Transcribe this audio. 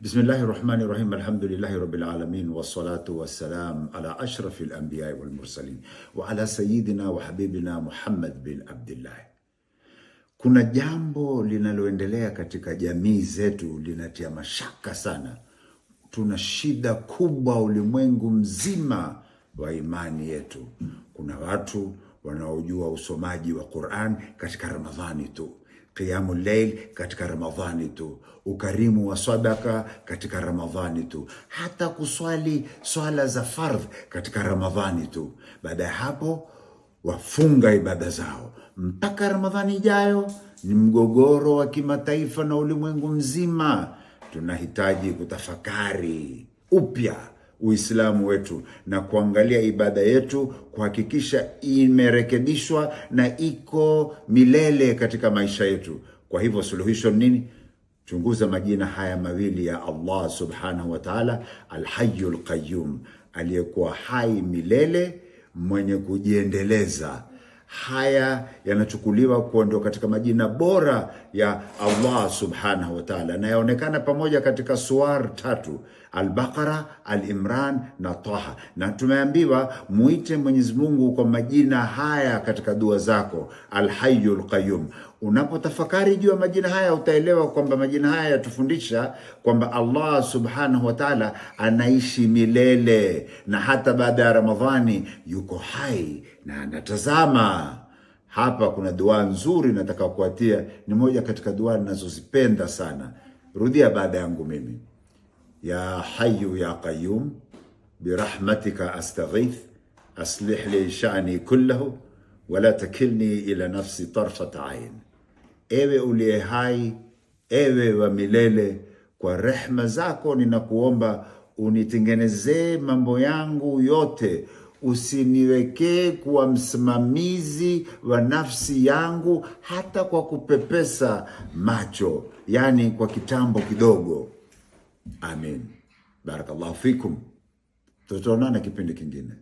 Bismillahi rahmani rahim alhamdulillahi rabbil alamin wassalatu wassalam ala ashrafil anbiya wal mursalin wa ala sayidina wa habibina Muhammad bin Abdullah. Kuna jambo linaloendelea katika jamii zetu linatia mashaka sana. Tuna shida kubwa ulimwengu mzima wa imani yetu. Kuna watu wanaojua usomaji wa Qur'an katika Ramadhani tu Qiyamu Lail katika Ramadhani tu, ukarimu wa sadaka katika Ramadhani tu, hata kuswali swala za fardh katika Ramadhani tu. Baada ya hapo wafunga ibada zao mpaka Ramadhani ijayo. Ni mgogoro wa kimataifa na ulimwengu mzima, tunahitaji kutafakari upya. Uislamu wetu na kuangalia ibada yetu kuhakikisha imerekebishwa na iko milele katika maisha yetu. Kwa hivyo suluhisho nini? Chunguza majina haya mawili ya Allah subhanahu wataala alhayu lqayum aliyekuwa hai milele, mwenye kujiendeleza haya yanachukuliwa kuwa ndio katika majina bora ya Allah subhanahu wa ta'ala, na yaonekana pamoja katika suar tatu: Al-Baqara, Al-Imran na Taha. Na tumeambiwa muite Mwenyezi Mungu kwa majina haya katika dua zako: Al-Hayyul Qayyum. Unapotafakari juu ya majina haya utaelewa kwamba majina haya yatufundisha kwamba Allah subhanahu wa ta'ala anaishi milele na hata baada ya Ramadhani yuko hai na anatazama. Hapa kuna dua nzuri nataka kuatia, ni moja katika dua ninazozipenda sana. Rudia baada yangu mimi, ya hayu ya qayyum birahmatika astaghith aslih li sha'ni kullahu wala takilni ila nafsi tarfat ayn ewe uliye hai, ewe wa milele, kwa rehma zako ninakuomba unitengenezee mambo yangu yote, usiniwekee kuwa msimamizi wa nafsi yangu, hata kwa kupepesa macho, yaani kwa kitambo kidogo. Amin, barakallahu fikum. Tutaonana kipindi kingine.